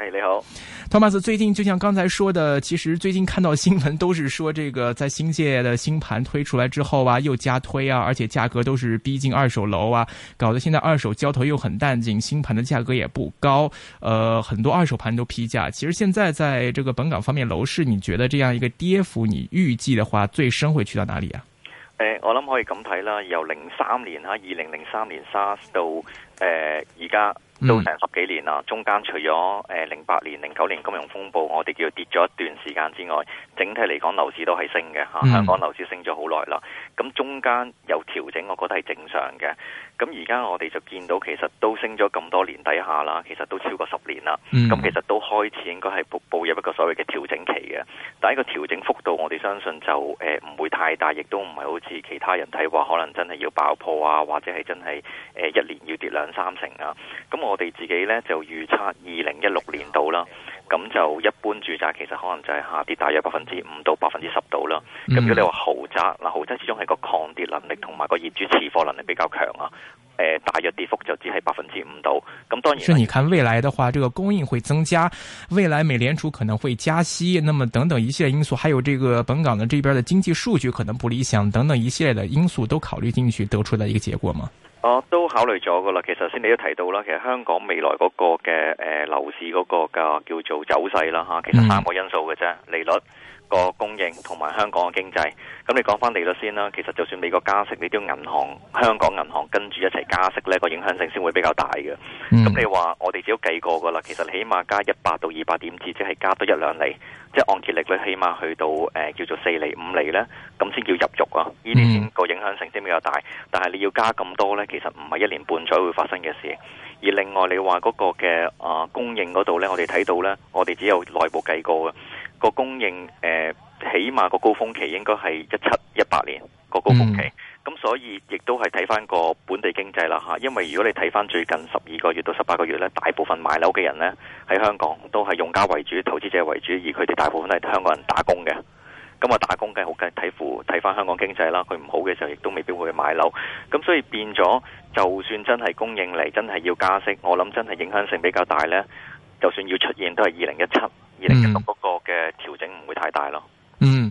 誒，hey, 你好，Thomas。最近就像剛才說的，其實最近看到新聞都是說，這個在新界的新盤推出來之後啊，又加推啊，而且價格都是逼近二手樓啊，搞得現在二手交投又很淡靜，新盤的價格也不高，呃，很多二手盤都批價。其實現在在這個本港方面樓市，你覺得這樣一個跌幅，你預計的話，最深會去到哪裏啊？呃，我諗可以咁睇啦，由零三年啊，二零零三年 SARS 到呃而家。都成、嗯、十幾年啦，中間除咗誒零八年、零九年金融風暴，我哋叫跌咗一段時間之外，整體嚟講樓市都係升嘅，啊、香港樓市升咗好耐啦，咁中間有調整，我覺得係正常嘅。咁而家我哋就見到其實都升咗咁多年底下啦，其實都超過十年啦。咁、嗯、其實都開始應該係步，步入一個所謂嘅調整期嘅，但係個調整幅度我哋相信就誒唔、呃、會太大，亦都唔係好似其他人睇話可能真係要爆破啊，或者係真係、呃、一年要跌兩三成啊。咁、嗯、我。我哋自己呢就預測二零一六年度啦，咁就一般住宅其實可能就係下跌大約百分之五到百分之十度啦。咁如果你話豪宅，嗱、嗯、豪宅始終係個抗跌能力同埋個業主持貨能力比較強啊、呃。大約跌幅就只係百分之五度。咁當然，所以你看未來的話，這個供應會增加，未來美聯儲可能會加息，那麼等等一系列因素，還有這個本港的這邊的經濟數據可能不理想等等一系列的因素都考慮進去，得出的一個結果嘛？我、啊、都考慮咗噶啦，其實先你都提到啦，其實香港未來嗰個嘅誒樓市嗰個嘅叫做走勢啦吓，其實三個因素嘅啫，利率。個供應同埋香港嘅經濟，咁你講返利率先啦。其實就算美國加息，你都要銀行、香港銀行跟住一齊加息呢、個影響性先會比較大嘅。咁、mm. 你話我哋只要計過噶啦，其實你起碼加一百到二百點子，即、就、係、是、加多一兩厘，即、就、係、是、按揭利率起碼去到誒、呃、叫做四厘五厘咧，咁先叫入肉啊。呢啲個影響性先比較大，但係你要加咁多呢，其實唔係一年半載會發生嘅事。而另外你話嗰個嘅啊、呃、供應嗰度咧，我哋睇到咧，我哋只有內部計過嘅個供應，誒、呃、起碼個高峰期應該係一七一八年個高峰期，咁、嗯、所以亦都係睇翻個本地經濟啦吓，因為如果你睇翻最近十二個月到十八個月咧，大部分買樓嘅人咧喺香港都係用家為主，投資者為主，而佢哋大部分都係香港人打工嘅。咁我打工嘅好嘅，睇乎睇翻香港經濟啦。佢唔好嘅時候，亦都未必會去買樓。咁所以變咗，就算真係供應嚟，真係要加息，我諗真係影響性比較大呢，就算要出現，都係二零一七、二零一六嗰個嘅調整，唔會太大咯。嗯。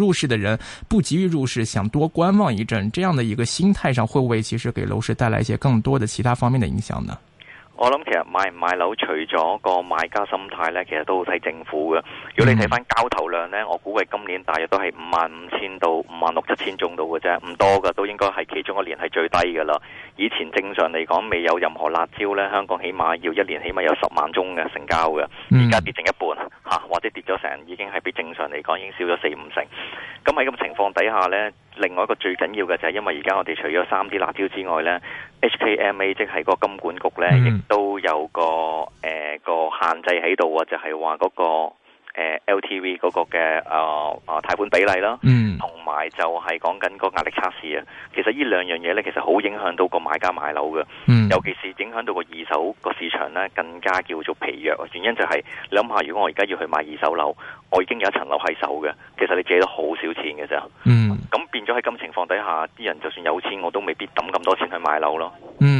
入市的人不急於入市，想多觀望一陣，這樣的一個心態上，會不會其實給樓市帶來一些更多的其他方面的影響呢？我諗其實買唔買樓，除咗個買家心態呢，其實都好睇政府嘅。如果你睇翻交投量呢，我估計今年大約都係五萬五千到五萬六七千宗度嘅啫，唔多㗎，都應該係其中一年係最低噶啦。以前正常嚟講，未有任何辣椒呢，香港起碼要一年起碼有十萬宗嘅成交嘅，而家跌剩一半吓，啊，或者跌咗成，已經係比正常嚟講已經少咗四五成。咁喺咁情況底下呢。另外一個最緊要嘅就係因為而家我哋除咗三啲辣椒之外咧，HKMA 即係個金管局咧，亦、嗯、都有個誒、呃、個限制喺度啊，就係話嗰個。誒，LTV 嗰個嘅誒誒貸款比例啦，嗯，同埋就係講緊個壓力測試啊。其實呢兩樣嘢咧，其實好影響到個買家買樓嘅，嗯，尤其是影響到個二手個市場咧，更加叫做疲弱。原因就係、是、你諗下，如果我而家要去買二手樓，我已經有一層樓喺手嘅，其實你借咗好少錢嘅啫，嗯，咁變咗喺咁情況底下，啲人就算有錢，我都未必抌咁多錢去買樓咯，嗯。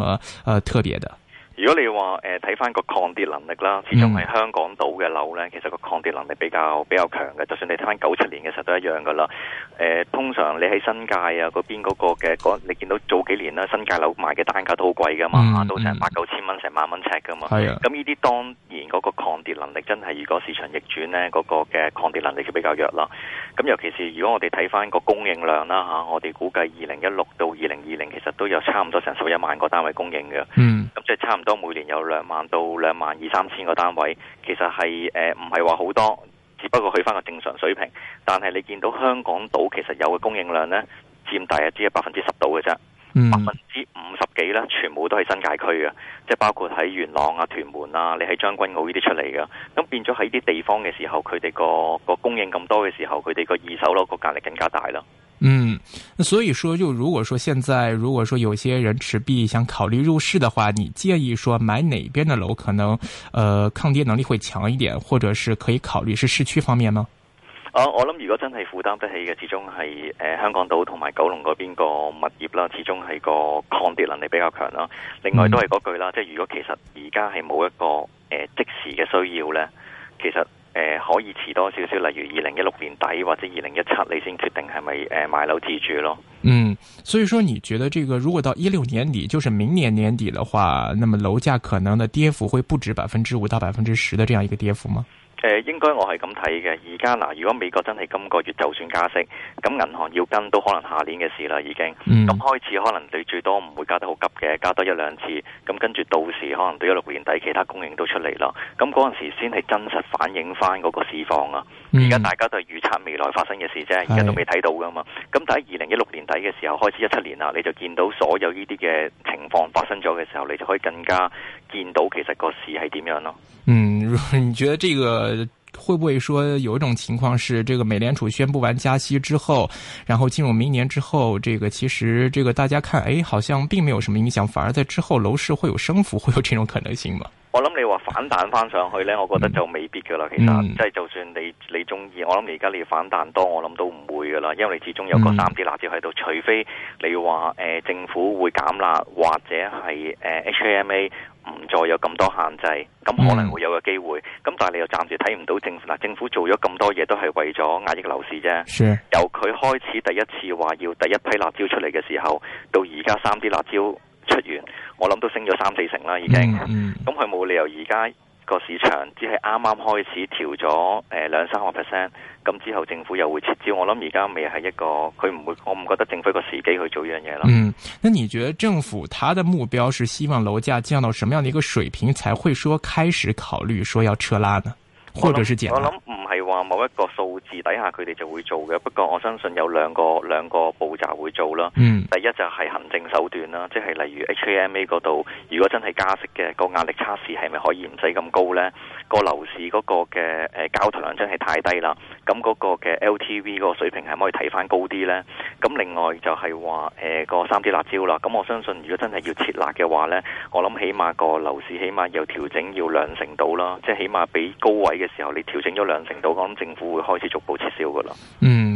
麼呃，特別的。如果你話誒睇翻個抗跌能力啦，始終係香港島嘅樓咧，其實個抗跌能力比較比較強嘅。就算你睇翻九七年嘅時候都一樣噶啦、呃。通常你喺新界啊嗰邊嗰個嘅，你見到早幾年啦，新界樓賣嘅單價都好貴噶嘛，都成、嗯、八九千蚊、成、嗯、萬蚊尺噶嘛。係啊，咁呢啲當然嗰個抗跌能力真係如果市場逆轉咧，嗰、嗰個嘅抗跌能力就比較弱啦。咁尤其是如果我哋睇翻個供應量啦嚇，我哋估計二零一六到二零二零其實都有差唔多成十一萬個單位供應嘅。嗯。即係差唔多每年有兩萬到兩萬二三千個單位，其實係誒唔係話好多，只不過去翻個正常水平。但係你見到香港島其實有嘅供應量呢佔大約只係百分之十度嘅啫，百分之五十幾呢全部都係新界區嘅，即係包括喺元朗啊、屯門啊，你喺將軍澳呢啲出嚟嘅。咁變咗喺啲地方嘅時候，佢哋個個供應咁多嘅時候，佢哋個二手樓個壓力更加大啦。嗯，那所以說就如果說現在如果說有些人持幣想考慮入市的話，你建議說買哪邊的樓可能，呃抗跌能力會強一點，或者是可以考慮是市區方面嗎？啊，我諗如果真係負擔得起嘅，始終係誒、呃、香港島同埋九龍嗰邊個物業啦，始終係個抗跌能力比較強啦。另外都係嗰句啦，即係如果其實而家係冇一個誒、呃、即時嘅需要咧，其實。誒、呃，可以遲多少少？例如二零一六年底或者二零一七，你先決定係咪誒買樓自住咯。嗯，所以說你覺得，這個如果到一六年底，就是明年年底的話，那麼樓價可能的跌幅會不止百分之五到百分之十的這樣一個跌幅嗎？誒，應該我係咁睇嘅。而家嗱，如果美國真係今個月就算加息，咁銀行要跟都可能下年嘅事啦。已經咁、嗯、開始，可能你最多唔會加得好急嘅，加多一兩次。咁跟住到時，可能對一六年底，其他供應都出嚟咯。咁嗰陣時先係真實反映翻嗰個市況啊。而家、嗯、大家都係預測未來發生嘅事啫，而家都未睇到噶嘛。咁是但係二零一六年底嘅時候，開始一七年啦，你就見到所有呢啲嘅情況發生咗嘅時候，你就可以更加見到其實個事係點樣咯。嗯。 你覺得這個會不會說有一種情況是，這個美聯儲宣布完加息之後，然後進入明年之後，這個其實這個大家看，誒、哎，好像並沒有什麼影響，反而在之後樓市會有升幅，會有這種可能性嗎？我諗你話反彈翻上去呢，我覺得就未必噶啦。嗯、其實即係就算你你中意，我諗而家你反彈多，我諗都唔會噶啦，因為你始終有個三 d 辣椒喺度，除非你話誒、呃、政府會減辣或者係誒、呃、H A M A。再有咁多限制，咁可能會有個機會，咁、嗯、但係你又暫時睇唔到政府嗱，政府做咗咁多嘢都係為咗壓抑樓市啫。Sure. 由佢開始第一次話要第一批辣椒出嚟嘅時候，到而家三啲辣椒出完，我諗都升咗三四成啦，已經，咁佢冇理由而家。個市場只係啱啱開始調咗誒兩三個 percent，咁之後政府又會撤招，我諗而家未係一個佢唔會，我唔覺得政府個時機去做樣嘢啦。嗯，那你覺得政府它的目標是希望樓價降到什麼樣的一個水平才會說開始考慮說要撤拉呢？或者是減？我某一個數字底下，佢哋就會做嘅。不過我相信有兩個兩個步驟會做啦。嗯、第一就係行政手段啦，即係例如 HMA 嗰度，如果真係加息嘅、個壓力測試係咪可以唔使咁高呢？個樓市嗰個嘅誒、呃、交投量真係太低啦。咁、那、嗰個嘅 LTV 嗰個水平係咪可以睇翻高啲呢？咁另外就係話誒個三支辣椒啦。咁我相信如果真係要設立嘅話呢，我諗起碼個樓市起碼有調整要兩成度啦。即係起碼比高位嘅時候你調整咗兩成度政府會開始逐步撤銷噶啦。嗯。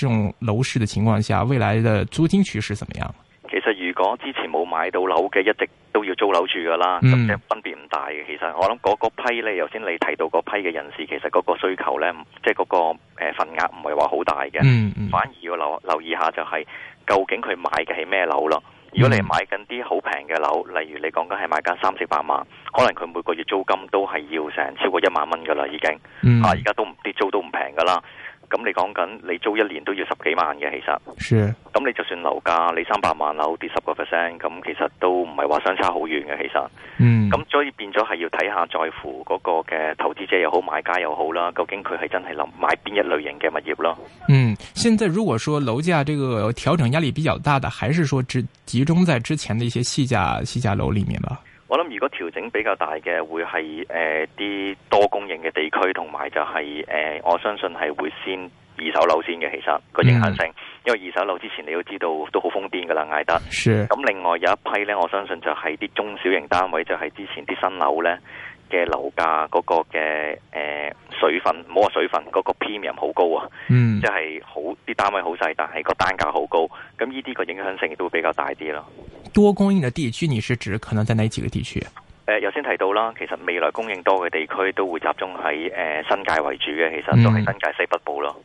這種樓市的情況下，未來的租金趨勢怎麼樣？其實如果之前冇買到樓嘅，一直都要租樓住噶啦，咁嘅、嗯、分別唔大嘅。其實我諗嗰批咧，頭先你提到嗰批嘅人士，其實嗰個需求咧，即係嗰個誒份額唔係話好大嘅，嗯嗯、反而要留留意下就係、是、究竟佢買嘅係咩樓咯。如果你係買緊啲好平嘅樓，嗯、例如你講緊係買緊三四百萬，可能佢每個月租金都係要成超過一萬蚊噶啦，已經吓而家都唔啲租都唔平噶啦。咁你講緊你租一年都要十幾萬嘅是，其實，是咁你就算樓價你三百萬樓跌十個 percent，咁其實都唔係話相差好遠嘅，其實，嗯，咁所以變咗係要睇下在乎嗰個嘅投資者又好，買家又好啦，究竟佢係真係諗買邊一類型嘅物業咯？嗯，現在如果說樓價這個調整壓力比較大的，還是說只集中在之前的一些細價細價樓裏面啦？我諗如果調整比較大嘅，會係啲、呃、多供應嘅地區，同埋就係、是呃、我相信係會先二手樓先嘅。其實個影響性，mm. 因為二手樓之前你都知道都好瘋癲噶啦，艾德。咁 Sure. 另外有一批呢，我相信就係啲中小型單位，就係、是、之前啲新樓呢。嘅樓價嗰個嘅誒、呃、水分，唔好話水分，嗰個 premium 好高啊！嗯，即係好啲單位好細，但係個單價好高，咁呢啲個影響性亦都會比較大啲咯。多供應嘅地區，你是指可能在哪幾個地區？誒、呃，有先提到啦，其實未來供應多嘅地區都會集中喺誒、呃、新界為主嘅，其實都係新界西北部咯。嗯。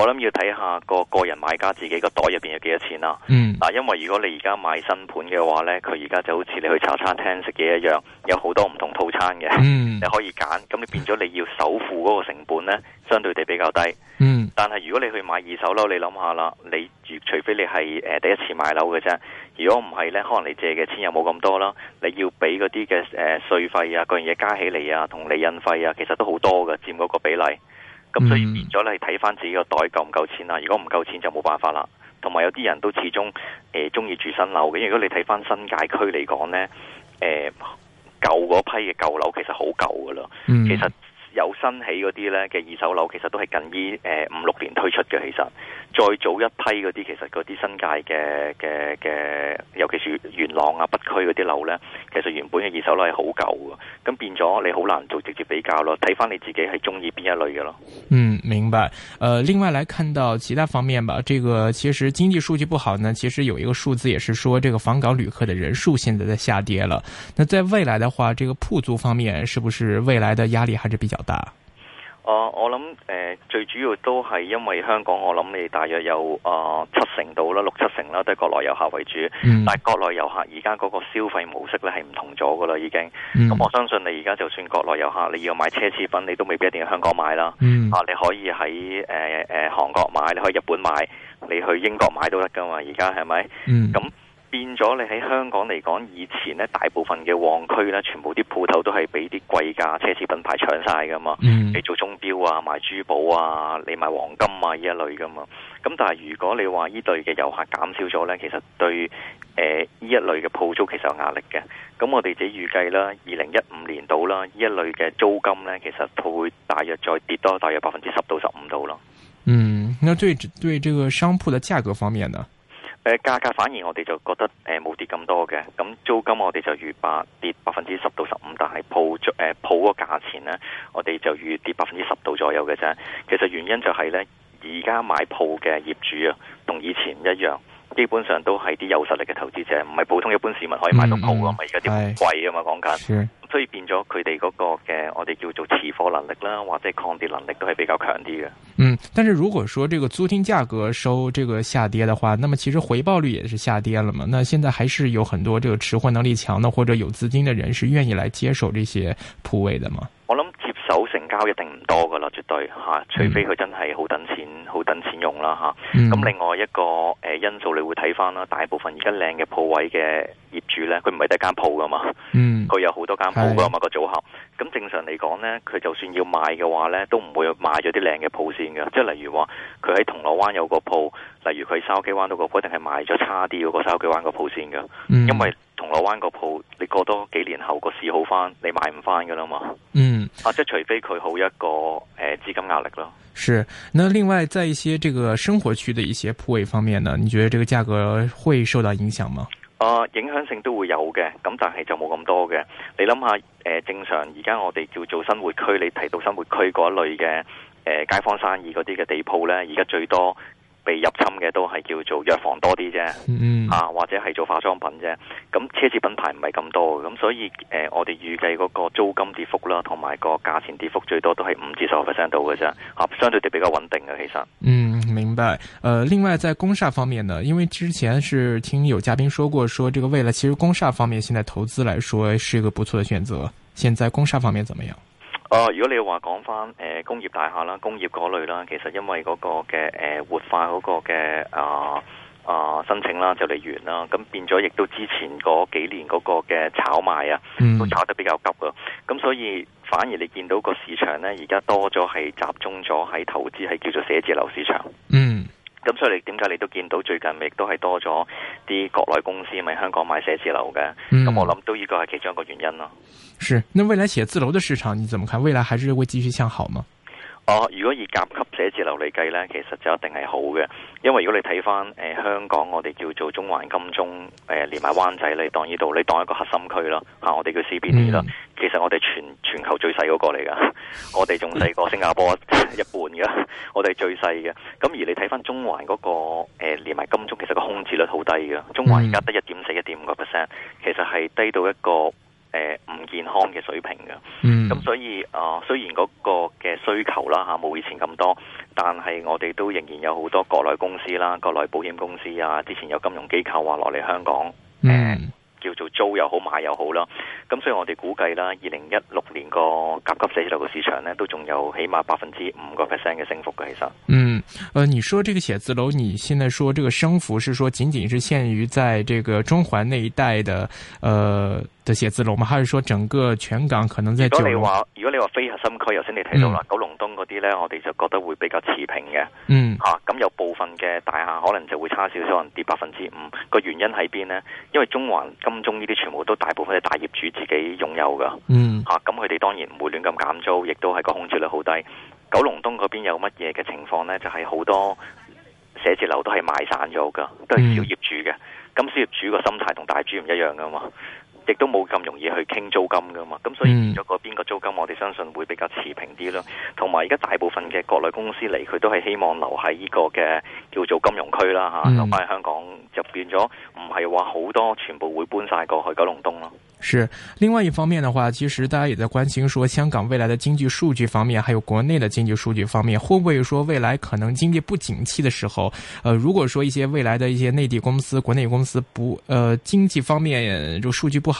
我諗要睇下個個人買家自己個袋入邊有幾多錢啦。嗱、嗯，因為如果你而家買新盤嘅話咧，佢而家就好似你去茶餐廳食嘢一樣，有好多唔同的套餐嘅，嗯、你可以揀。咁你變咗你要首付嗰個成本咧，相對地比較低。嗯、但係如果你去買二手樓，你諗下啦，你除非你係誒第一次買樓嘅啫，如果唔係咧，可能你借嘅錢又冇咁多啦。你要俾嗰啲嘅誒稅費啊，各樣嘢加起嚟啊，同利潤費啊，其實都好多嘅，佔嗰個比例。咁所以變咗咧，睇翻、mm hmm. 嗯、自己個袋夠唔夠錢啦。如果唔夠錢就冇辦法啦。同埋有啲人都始終誒中意住新樓嘅。如果你睇翻新界區嚟講咧，誒舊嗰批嘅舊樓其實好舊噶啦，其實有新起嗰啲咧嘅二手樓其，其實都係近依誒五六年推出嘅。其實再早一批嗰啲，其實嗰啲新界嘅嘅嘅，尤其是元朗啊北區嗰啲樓咧，其實原本嘅二手樓係好舊嘅。咁變咗你好難做直接比較咯。睇返你自己係中意邊一類嘅咯。嗯，明白。誒、呃，另外來看到其他方面吧。這個其實經濟數據不好呢。其實有一個數字也是說，這個訪港旅客的人數現在在下跌了。那在未來的話，這個鋪租方面，是不是未來的壓力還是比較？呃、我諗誒、呃，最主要都係因為香港，我諗你大約有啊、呃、七成到啦，六七成啦，都係國內遊客為主。嗯、但係國內遊客而家嗰個消費模式咧係唔同咗噶啦，已經。咁、嗯、我相信你而家就算國內遊客，你要買奢侈品，你都未必一定要香港買啦。嗯、啊，你可以喺誒誒韓國買，你可以日本買，你去英國買都得噶嘛。而家係咪？咁。嗯變咗你喺香港嚟講，以前咧大部分嘅旺區咧，全部啲鋪頭都係俾啲貴價奢侈品牌搶晒噶嘛，嗯、你做鐘錶啊、賣珠寶啊、你賣黃金啊呢一類噶嘛。咁但係如果你話呢類嘅遊客減少咗咧，其實對誒呢、呃、一類嘅鋪租其實有壓力嘅。咁我哋自己預計啦，二零一五年度啦呢一類嘅租金咧，其實會大約再跌多大約百分之十到十五度咯。嗯，那對對這個商鋪的價格方面呢？誒，價格反而我哋就覺得誒冇跌咁多嘅，咁、嗯、租金我哋就預百跌百分之十到十五，但係鋪租誒、呃、鋪個價錢咧，我哋就預跌百分之十到左右嘅啫。其實原因就係咧，而家買鋪嘅業主啊，同以前一樣，基本上都係啲有實力嘅投資者，唔係普通一般市民可以買到鋪啊嘛，而家啲貴啊嘛，講緊、哎。的所以變咗佢哋嗰個嘅，我哋叫做持貨能力啦，或者抗跌能力都係比較強啲嘅。嗯，但是如果說這個租金價格收這個下跌嘅話，那麼其實回報率也是下跌了嘛。那現在還是有很多這個持貨能力強的或者有資金的人是願意來接手這些鋪位的嘛？我諗接手成交一定唔多噶啦，絕對吓、啊，除非佢真係好等錢，好、嗯、等錢用啦吓。咁、啊、另外一個誒、呃、因素你會睇翻啦，大部分而家靚嘅鋪位嘅。住咧，佢唔係得間鋪噶嘛，佢、嗯、有好多間鋪噶嘛個組合。咁正常嚟講咧，佢就算要賣嘅話咧，都唔會賣咗啲靚嘅鋪先嘅。即係例如話，佢喺銅鑼灣有個鋪，例如佢筲箕灣都個鋪，買一定係賣咗差啲嗰個筲箕灣個鋪先嘅。嗯、因為銅鑼灣個鋪，你過多幾年後個市好翻，你買唔翻噶啦嘛。嗯，啊，即係除非佢好一個誒資、呃、金壓力咯。是，那另外在一些這個生活區的一些鋪位方面呢，你覺得這個價格會受到影響嗎？啊、呃，影響性都會有嘅，咁但係就冇咁多嘅。你諗下，誒、呃、正常而家我哋叫做生活區，你提到生活區嗰類嘅誒、呃、街坊生意嗰啲嘅地鋪咧，而家最多被入侵嘅都係叫做藥房多啲啫，mm. 啊，或者係做化妝品啫。咁奢侈品牌唔係咁多，咁所以誒、呃、我哋預計嗰個租金跌幅啦，同埋個價錢跌幅最多都係五至十個 percent 度嘅啫，啊，相對地比較穩定嘅其實。Mm. 明白，呃，另外在工廈方面呢，因為之前是聽有嘉賓說過，說這個未來其實工廈方面現在投資來說是一個不錯的選擇。現在工廈方面怎麼樣？哦、呃，如果你話講翻，誒、呃，工業大廈啦，工業嗰類啦，其實因為嗰個嘅誒、呃、活化嗰個嘅啊。呃啊！申請啦，就嚟完啦，咁變咗亦都之前嗰幾年嗰個嘅炒賣啊，嗯、都炒得比較急噶，咁所以反而你見到個市場呢，而家多咗係集中咗喺投資，係叫做寫字樓市場。嗯，咁所以你點解你都見到最近亦都係多咗啲國內公司咪香港買寫字樓嘅？咁、嗯、我諗都依個係其中一個原因咯。是，那未來寫字樓的市場你怎麼看？未來還是會繼續向好嗎？哦、如果以甲級寫字樓嚟計呢，其實就一定係好嘅，因為如果你睇翻誒香港，我哋叫做中環金鐘誒、呃，連埋灣仔你當呢度，你當，你當，你當一個核心區咯吓，我哋叫 CBD 啦。其實我哋全全球最細嗰個嚟噶，我哋仲細過新加坡一半噶，我哋最細嘅。咁而你睇翻中環嗰個誒，連埋金鐘，其實個空置率好低噶。中環而家得一點四、一點五個 percent，其實係低到一個。誒，唔、呃、健康嘅水平嘅，咁、嗯嗯、所以誒、呃，雖然嗰個嘅需求啦吓冇以前咁多，但係我哋都仍然有好多國內公司啦，國內保險公司啊，之前有金融機構啊落嚟香港，誒、嗯呃，叫做租又好買又好啦。咁、嗯、所以我哋估計啦，二零一六年個甲級寫字樓嘅市場咧，都仲有起碼百分之五個 percent 嘅升幅嘅，其實。嗯，誒、呃，你說這個寫字樓，你現在說這個升幅，是說僅僅是限於在這個中環那一帶的，誒、呃？就寫字樓，我們還是說整個全港可能在九龍，如果你話，如果你話非核心區，頭先你睇到啦嗯、九龍東嗰啲呢，我哋就覺得會比較持平嘅。嗯，吓咁、啊、有部分嘅大廈可能就會差少少，可能跌百分之五。個原因喺邊呢？因為中環、金鐘呢啲全部都大部分係大業主自己擁有噶。嗯，吓咁佢哋當然唔會亂咁減租，亦都係個空置率好低。九龍東嗰邊有乜嘢嘅情況呢？就係、是、好多寫字樓都係賣散咗噶，都係小業主嘅。咁小、嗯、業主個心態同大主唔一樣噶嘛。亦都冇咁容易去傾租金噶嘛，咁所以變咗個邊個租金，我哋相信會比較持平啲咯。同埋而家大部分嘅國內公司嚟，佢都係希望留喺依個嘅叫做金融區啦嚇，留翻喺香港就變咗唔係話好多全部會搬晒過去九龍東咯。是另外一方面的話，其實大家也在關心說，說香港未來的經濟數據方面，還有國內的經濟數據方面，會不會說未來可能經濟不景氣的時候，呃，如果說一些未來的一些內地公司、國內公司不，呃，經濟方面就數據不好。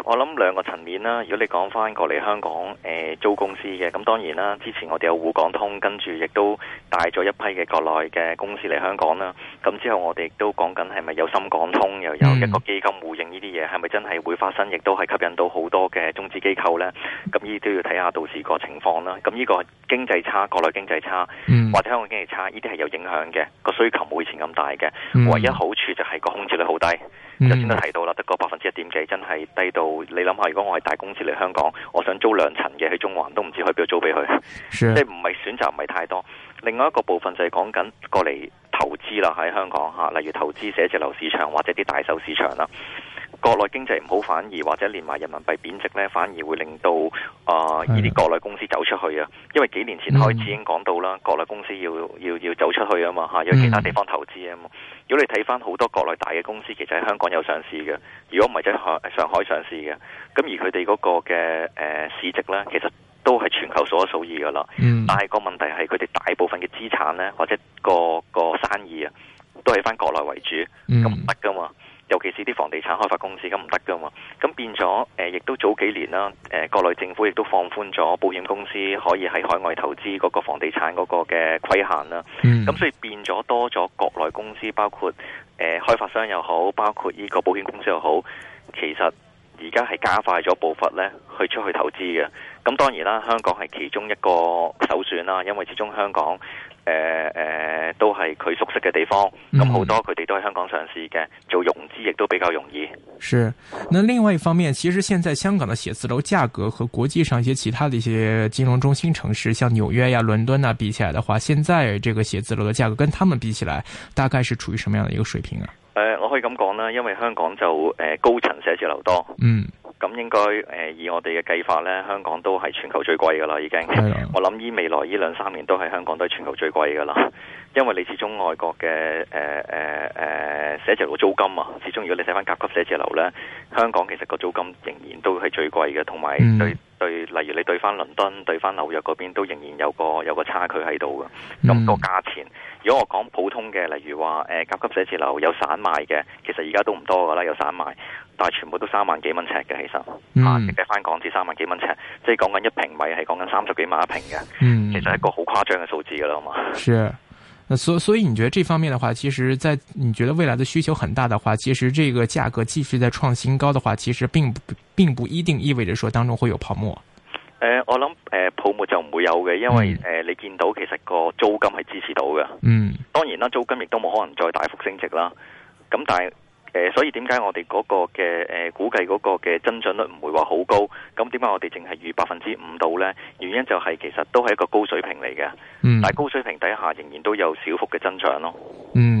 我諗兩個層面啦，如果你講翻過嚟香港誒、呃、租公司嘅，咁當然啦，之前我哋有滬港通，跟住亦都帶咗一批嘅國內嘅公司嚟香港啦。咁之後我哋亦都講緊係咪有深港通，又有一個基金互認呢啲嘢，係咪真係會發生？亦都係吸引到好多嘅中資機構呢。咁呢啲都要睇下到時個情況啦。咁呢個經濟差，國內經濟差，嗯、或者香港經濟差，呢啲係有影響嘅，個需求冇以前咁大嘅。唯一好處就係個空置率好低。頭先都提到啦，得個百分之一點幾，真係低到你諗下，如果我係大公司嚟香港，我想租兩層嘅喺中環，都唔知去邊度租俾佢，哈哈啊，即係唔係選擇唔係太多。另外一個部分就係講緊過嚟投資啦，喺香港嚇，啊，例如投資寫字樓市場或者啲大手市場啦。啊國內經濟唔好，反而或者連埋人民幣貶值咧，反而會令到啊！呢、呃、啲國內公司走出去啊，因為幾年前開始已經講到啦，嗯、國內公司要要要走出去啊嘛，吓有其他地方投資啊嘛。嗯、如果你睇翻好多國內大嘅公司，其實喺香港有上市嘅，如果唔係即係上海上市嘅，咁而佢哋嗰個嘅誒、呃、市值咧，其實都係全球數一數二噶啦。嗯、但係個問題係佢哋大部分嘅資產咧，或者、那個個生意啊，都係翻國內為主，咁唔得噶嘛。尤其是啲房地產開發公司咁唔得噶嘛，咁變咗、呃、亦都早幾年啦，誒、呃、國內政府亦都放寬咗保險公司可以喺海外投資嗰個房地產嗰個嘅規限啦。咁、嗯、所以變咗多咗國內公司，包括、呃、開發商又好，包括呢個保險公司又好，其實而家係加快咗步伐咧去出去投資嘅。咁當然啦，香港係其中一個首選啦，因為始終香港。誒誒、呃呃，都係佢熟悉嘅地方，咁好、嗯、多佢哋都喺香港上市嘅，做融資亦都比較容易。是，那另外一方面，其實現在香港的寫字樓價格和國際上一些其他的一些金融中心城市，像紐約呀、啊、倫敦啊，比起來的話，現在這個寫字樓嘅價格跟他們比起來，大概是處於什麼樣的一個水平啊？誒、呃，我可以咁講啦，因為香港就誒、呃、高層寫字樓多，嗯。咁應該、呃、以我哋嘅計法咧，香港都係全球最貴噶啦，已經。 我諗依未來呢兩三年都係香港都係全球最貴噶啦，因為你始終外國嘅誒誒寫字樓租金啊，始終如果你睇翻甲級寫字樓咧，香港其實個租金仍然都係最貴嘅，同埋對、嗯、對例如你對翻倫敦對翻紐約嗰邊都仍然有個有個差距喺度嘅，咁、個價錢。如果我講普通嘅，例如話誒、呃，甲級寫字樓有散賣嘅，其實而家都唔多噶啦，有散賣，但係全部都三萬幾蚊尺嘅，其實直計翻港紙三萬幾蚊尺，即係講緊一平米係講緊三十幾萬一平嘅，嗯、其實係一個好誇張嘅數字噶啦嘛。好係，所所以你覺得這方面嘅話，其實，在你覺得未來的需求很大的話，其實這個價格繼續在創新高嘅話，其實並不並不一定意味着說當中會有泡沫。誒、呃，我諗誒、呃、泡沫就唔會有嘅，因為誒、呃、你見到其實個租金係支持到嘅。嗯，當然啦，租金亦都冇可能再大幅升值啦。咁但係誒、呃，所以點解我哋嗰個嘅誒、呃、估計嗰個嘅增長率唔會話好高？咁點解我哋淨係預百分之五度呢？原因就係其實都係一個高水平嚟嘅。嗯，但係高水平底下仍然都有小幅嘅增長咯。嗯。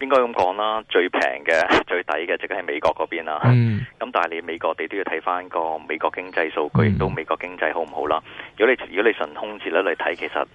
應該咁講啦，最平嘅、最抵嘅，就係美國嗰邊啦。咁、嗯啊、但係你美國，你都要睇翻個美國經濟數據，都、嗯、美國經濟好唔好啦？如果你如果你純空置率嚟睇，其實誒誒、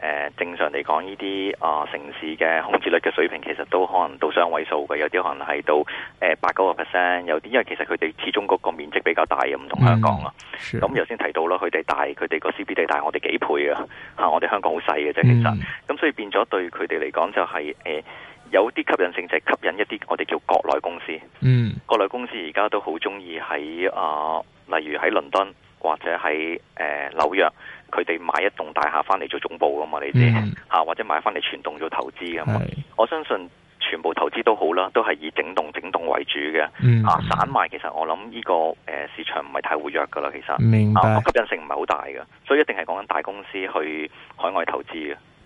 呃、正常嚟講，呢啲啊城市嘅空置率嘅水平，其實都可能到上位數嘅，有啲可能係到誒八九個 percent，有啲因為其實佢哋始終嗰個面積比較大嘅，唔同香港、嗯、啊。咁頭是先提到咯，佢哋大，佢哋個 CBD 大我哋幾倍啊！嚇，我哋香港好細嘅啫，其實咁、嗯啊、所以變咗對佢哋嚟講就係、是、誒。呃有啲吸引性就係吸引一啲我哋叫國內公司，嗯、國內公司而家都好中意喺啊，例如喺倫敦或者喺誒紐約，佢哋買一棟大廈翻嚟做總部噶嘛，你知吓、嗯啊，或者買翻嚟全棟做投資噶嘛。是我相信全部投資都好啦，都係以整棟整棟為主嘅。嗯、啊，散賣其實我諗呢、這個誒、呃、市場唔係太活躍噶啦，其實明白 啊，我吸引性唔係好大嘅，所以一定係講緊大公司去海外投資嘅。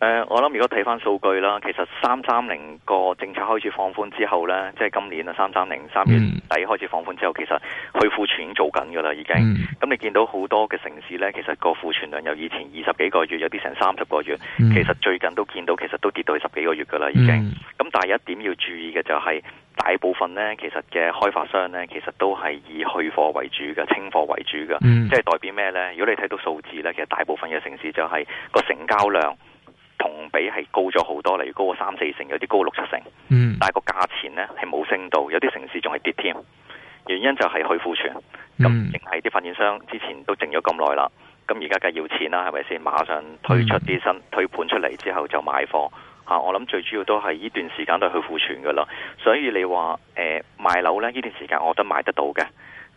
誒、呃，我諗如果睇翻數據啦，其實三三零個政策開始放寬之後呢，即係今年啊，三三零三月底開始放寬之後，嗯、其實去庫存做緊噶啦，已經。咁、嗯、你見到好多嘅城市呢，其實個庫存量由以前二十幾個月，有啲成三十個月，嗯、其實最近都見到其實都跌到去十幾個月噶啦，已經。咁、嗯、但係一點要注意嘅就係、是，大部分呢，其實嘅開發商呢，其實都係以去貨為主嘅，清貨為主嘅，嗯、即係代表咩呢？如果你睇到數字呢，其實大部分嘅城市就係個成交量。同比係高咗好多，例如高個三四成，有啲高六七成。嗯，但係個價錢呢係冇升到，有啲城市仲係跌添。原因就係去庫存，咁仍係啲發展商之前都靜咗咁耐啦，咁而家梗係要錢啦，係咪先？馬上推出啲新推盤出嚟，之後就買貨。我諗最主要都係呢段時間都係去庫存噶啦，所以你話誒，賣樓呢段時間我覺得買得到嘅。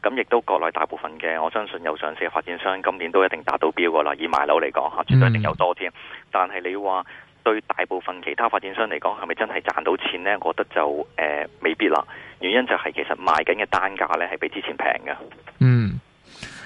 咁亦都國內大部分嘅，我相信有上市嘅發展商今年都一定達到標㗎啦。以賣樓嚟講吓，絕對一定有多添。嗯、但係你話對大部分其他發展商嚟講，係咪真係賺到錢呢？我覺得就誒、呃、未必啦。原因就係其實賣緊嘅單價呢係比之前平嘅。嗯。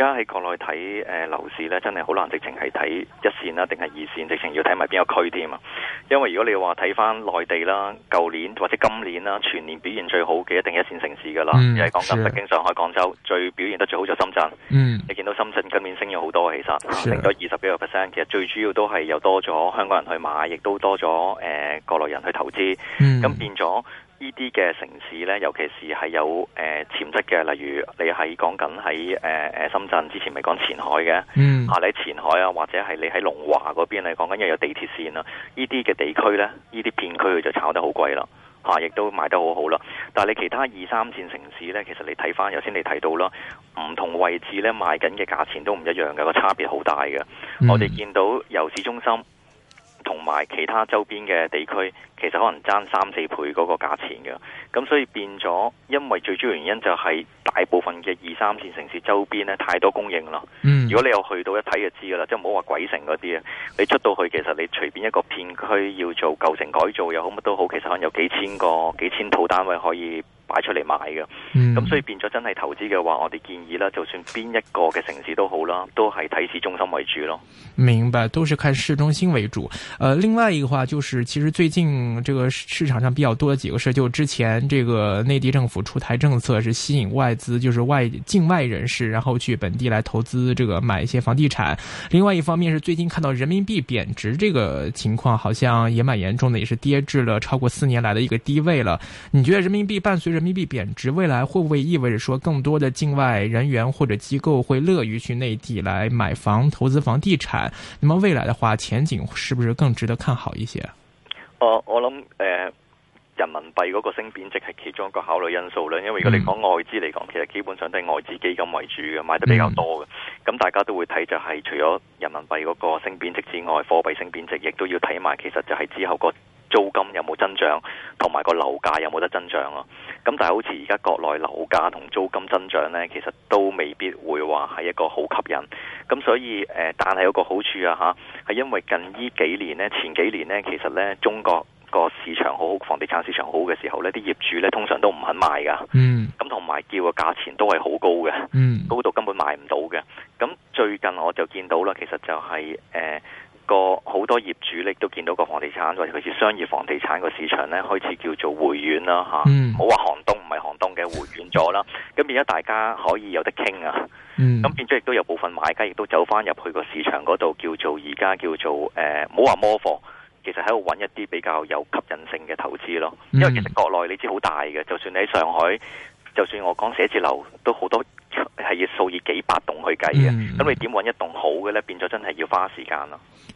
而家喺國內睇誒樓市咧，真係好難直情係睇一線啦，定係二線，直情要睇埋邊個區添啊！因為如果你話睇返內地啦，舊年或者今年啦，全年表現最好嘅一定係一線城市㗎喇，又係講緊北京、上海、廣州，最表現得最好就深圳。嗯，你見到深圳今年升咗好多，其實升咗二十幾個 percent，其實最主要都係有多咗香港人去買，亦都多咗、呃、國內人去投資。嗯，咁變咗。呢啲嘅城市呢，尤其是係有誒、呃、潛質嘅，例如你係講緊喺深圳，之前咪講前海嘅，嚇、嗯啊、你喺前海啊，或者係你喺龍華嗰邊嚟講緊，又有地鐵線啦、啊。呢啲嘅地區呢，呢啲片區佢就炒得好貴、啊、得好貴啦，亦都賣得好好啦。但係你其他二三線城市呢，其實你睇翻，頭先你睇到啦，唔同位置呢，賣緊嘅價錢都唔一樣嘅，個差別好大嘅。嗯、我哋見到由市中心。同埋其他周邊嘅地區，其實可能爭三四倍嗰個價錢嘅，咁所以變咗，因為最主要原因就係大部分嘅二三線城市周邊咧太多供應咯。嗯，如果你有去到一睇就知噶啦，即係唔好話鬼城嗰啲啊，你出到去其實你隨便一個片區要做舊城改造又好乜都好，其實可能有幾千個、幾千套單位可以。擺出嚟買嘅，咁所以變咗真係投資嘅話，我哋建議啦，就算邊一個嘅城市都好啦，都係睇市中心為主咯。明白，都是看市中心為主。呃，另外一個話，就是其實最近這個市場上比較多的幾個事，就之前這個內地政府出台政策，是吸引外資，就是外境外人士，然後去本地來投資，這個買一些房地產。另外一方面，是最近看到人民幣貶值，這個情況好像也蠻嚴重的，也是跌至了超過四年來的一個低位了。你覺得人民幣伴隨着？人民幣貶值未來會不會意味着說更多的境外人員或者機構會樂於去內地來買房投資房地產？那麼未來的話前景是不是更值得看好一些？哦、我諗誒、呃，人民幣嗰個升貶值係其中一個考慮因素啦。因為如果你講外資嚟講，嗯、其實基本上都係外資基金為主嘅，買得比較多嘅。咁、嗯、大家都會睇就係除咗人民幣嗰個升貶值之外，貨幣升貶值亦都要睇埋。其實就係之後個。租金有冇增長，同埋個樓價有冇得增長啊咁但係好似而家國內樓價同租金增長呢，其實都未必會話係一，呃、一個好吸引。咁所以誒，但係有個好處啊嚇，係因為近依幾年呢，前幾年呢，其實呢中國個市場好，好，房地產市場好嘅時候呢，啲業主呢通常都唔肯賣㗎。嗯。咁同埋叫個價錢都係好高嘅。嗯。Mm. 高到根本買唔到嘅。咁最近我就見到啦，其實就係、是、誒。呃個好多業主咧都見到個房地產或者類似商業房地產個市場咧開始叫做回暖啦吓，唔好話、嗯、寒冬唔係寒冬嘅回暖咗啦，咁變咗大家可以有得傾啊，咁、嗯、變咗亦都有部分買家亦都走翻入去個市場嗰度，叫做而家叫做誒，唔好話、呃、摩房，其實喺度搵一啲比較有吸引性嘅投資咯，因為其實國內你知好大嘅，就算你喺上海，就算我講寫字樓都好多係要數以幾百棟去計嘅，咁、嗯、你點搵一棟好嘅呢？變咗真係要花時間咯。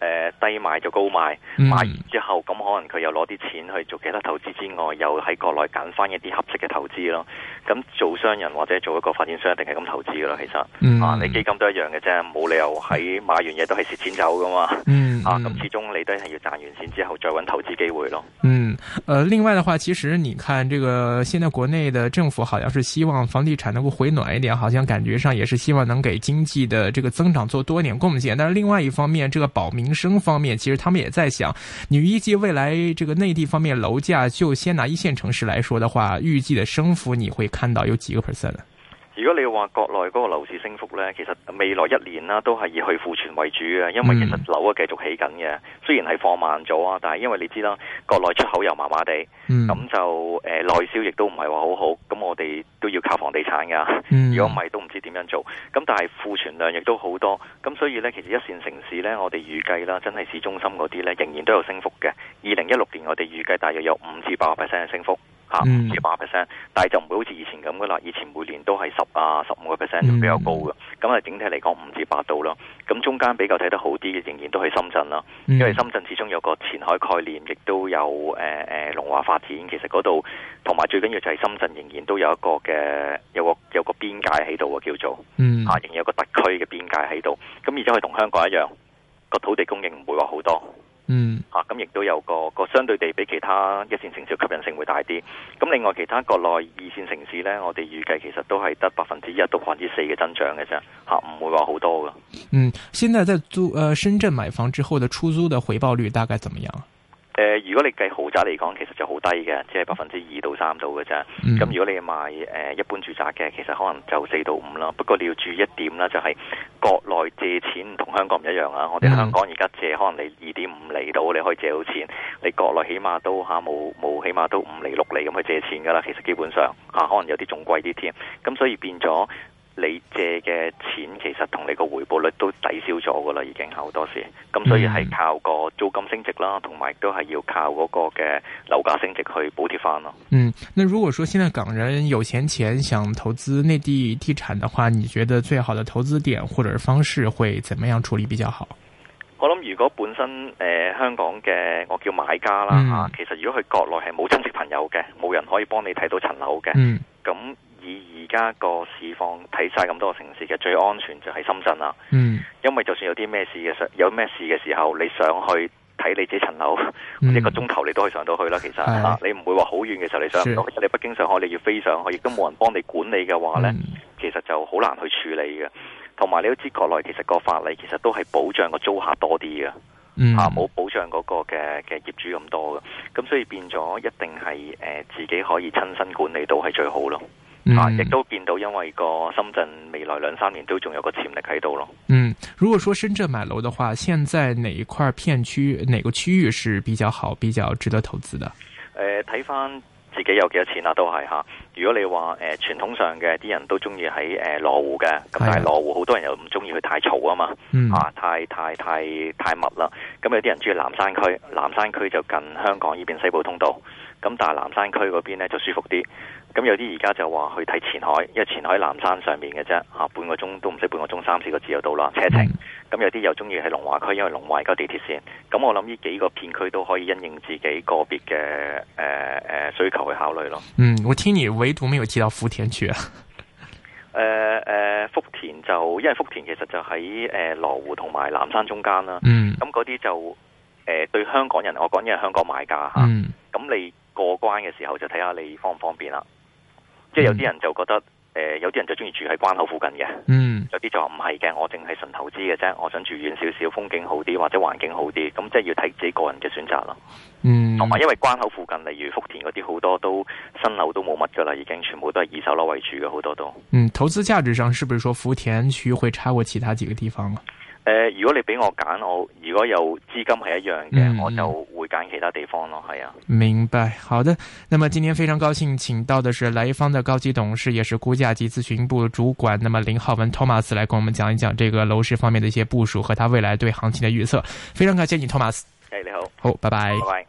誒、呃，低賣就高賣，買完之後咁可能佢又攞啲錢去做其他投資之外，又喺國內揀翻一啲合適嘅投資咯。咁做商人或者做一個發展商，一定係咁投資噶啦。其實，嗯、啊，你基金都一樣嘅啫，冇理由喺買完嘢都係蝕錢走噶嘛。嗯啊，咁始終你都係要賺完錢之後再揾投資機會咯。嗯，呃，另外的話，其實你看，這個現在國內的政府好像是希望房地產能夠回暖一點，好像感覺上也是希望能給經濟的這個增長做多點貢獻。但是另外一方面，這個保民生方面，其實他們也在想，你預計未來這個內地方面樓價就先拿一線城市來說的話，預計的升幅你會看到有幾個 percent？如果你話國內嗰個樓市升幅呢，其實未來一年啦，都係以去庫存為主嘅，因為其實樓啊繼續起緊嘅，嗯、雖然係放慢咗啊，但係因為你知啦，國內出口又麻麻地，咁就、誒、內銷亦都唔係話好好，咁我哋都要靠房地產噶，如果唔係都唔知點樣做。咁但係庫存量亦都好多，咁所以呢，其實一線城市呢，我哋預計啦，真係市中心嗰啲呢，仍然都有升幅嘅。二零一六年我哋預計大約有五至八個 percent 嘅升幅。吓，五至八 percent，但係就唔會好似以前咁噶啦。以前每年都係十啊，十五個 percent 就比較高嘅，咁啊、嗯、整體嚟講五至八度啦。咁中間比較睇得好啲嘅，仍然都係深圳啦，因為深圳始終有個前海概念，亦都有誒誒龍華發展。其實嗰度同埋最緊要就係深圳仍然都有一個嘅有個有個邊界喺度啊，叫做吓、嗯啊，仍然有個特區嘅邊界喺度。咁而且佢同香港一樣，個土地供應唔會話好多。嗯，吓咁亦都有個個相對地比其他一線城市吸引性會大啲，咁、啊、另外其他國內二線城市呢，我哋預計其實都係得百分之一到百分之四嘅增長嘅啫，吓、啊、唔會話好多噶。嗯，現在在租、呃、深圳買房之後的出租的回報率大概怎麼樣？呃、如果你計豪宅嚟講，其實就好低嘅，只係百分之二到三度嘅啫。咁、嗯、如果你賣、呃、一般住宅嘅，其實可能就四到五啦。不過你要注意一點啦，就係國內借錢同香港唔一樣啊。我哋香港而家借可能你二點五厘度，你可以借到錢。你國內起碼都嚇冇冇起碼都五厘六厘咁去借錢噶啦。其實基本上嚇、啊，可能有啲仲貴啲添。咁所以變咗。你借嘅錢其實同你個回報率都抵消咗噶啦，已經好多時。咁所以係靠個租金升值啦，同埋都係要靠嗰個嘅樓價升值去補貼翻咯。嗯，那如果說現在港人有錢錢想投資內地地產的話，你覺得最好的投資點或者方式會怎麼樣處理比較好？我諗如果本身誒、呃、香港嘅我叫買家啦嚇，嗯啊、其實如果佢國內係冇親戚朋友嘅，冇人可以幫你睇到層樓嘅，嗯，咁、嗯。以而家個市況睇晒咁多個城市嘅最安全就係深圳啦。嗯，因為就算有啲咩事嘅上，有咩事嘅時候，你上去睇你自己層樓，嗯、一個鐘頭你都可以上到去啦。其實、嗯啊、你唔會話好遠嘅時候你上唔到。的你北京上海你要飛上去，亦都冇人幫你管理嘅話咧，嗯、其實就好難去處理嘅。同埋你都知國內其實個法例其實都係保障個租客多啲嘅，冇、嗯啊、保障嗰個嘅嘅業主咁多嘅。咁所以變咗一定係、呃、自己可以親身管理到係最好咯。嗱，亦、嗯、都見到，因為個深圳未來兩三年都仲有個潛力喺度咯。嗯，如果說深圳買樓嘅話，現在哪一塊片區、哪個區域是比較好、比較值得投資的？誒、呃，睇返自己有幾多錢啦、啊，都係吓、啊。如果你話誒、呃、傳統上嘅啲人都中意喺誒羅湖嘅，咁但係羅湖好多人又唔中意去太嘈啊嘛，哎、呀啊太太太，太密啦。咁、嗯嗯、有啲人中意南山區，南山區就近香港呢邊西部通道，咁但係南山區嗰邊呢，就舒服啲。咁有啲而家就話去睇前海，因為前海南山上面嘅啫，吓、啊、半個鐘都唔使半個鐘，三四個字就到啦，車程。咁、嗯、有啲又中意喺龍華區，因為龍華而家地鐵線。咁我諗呢幾個片區都可以因應自己個別嘅誒誒需求去考慮咯。嗯，我聽你唯獨冇知到福田住啊？誒誒、呃呃，福田就因為福田其實就喺誒羅湖同埋南山中間啦。咁嗰啲就誒、呃、對香港人，我講因為香港買家吓。咁、嗯、你過關嘅時候就睇下你方唔方便啦。即係有啲人就覺得，誒、呃，有啲人就中意住喺關口附近嘅。嗯，有啲就話唔係嘅，我淨係純投資嘅啫，我想住遠少少，風景好啲或者環境好啲，咁即係要睇自己個人嘅選擇咯。嗯，同埋因為關口附近，例如福田嗰啲好多都新樓都冇乜噶啦，已經全部都係二手樓為主嘅好多都。嗯，投資價值上，是不是說福田區會差過其他幾個地方啊？如果你俾我揀，我如果有資金係一樣嘅，嗯、我就會揀其他地方咯。係啊，明白，好的。那麼今天非常高興，請到的是萊坊的高級董事，也是估價及諮詢部主管，那麼林浩文 Thomas 來跟我們講一講這個樓市方面的一些部署和他未來對行情的預測。非常感謝你，Thomas。你好，好、oh,，拜拜。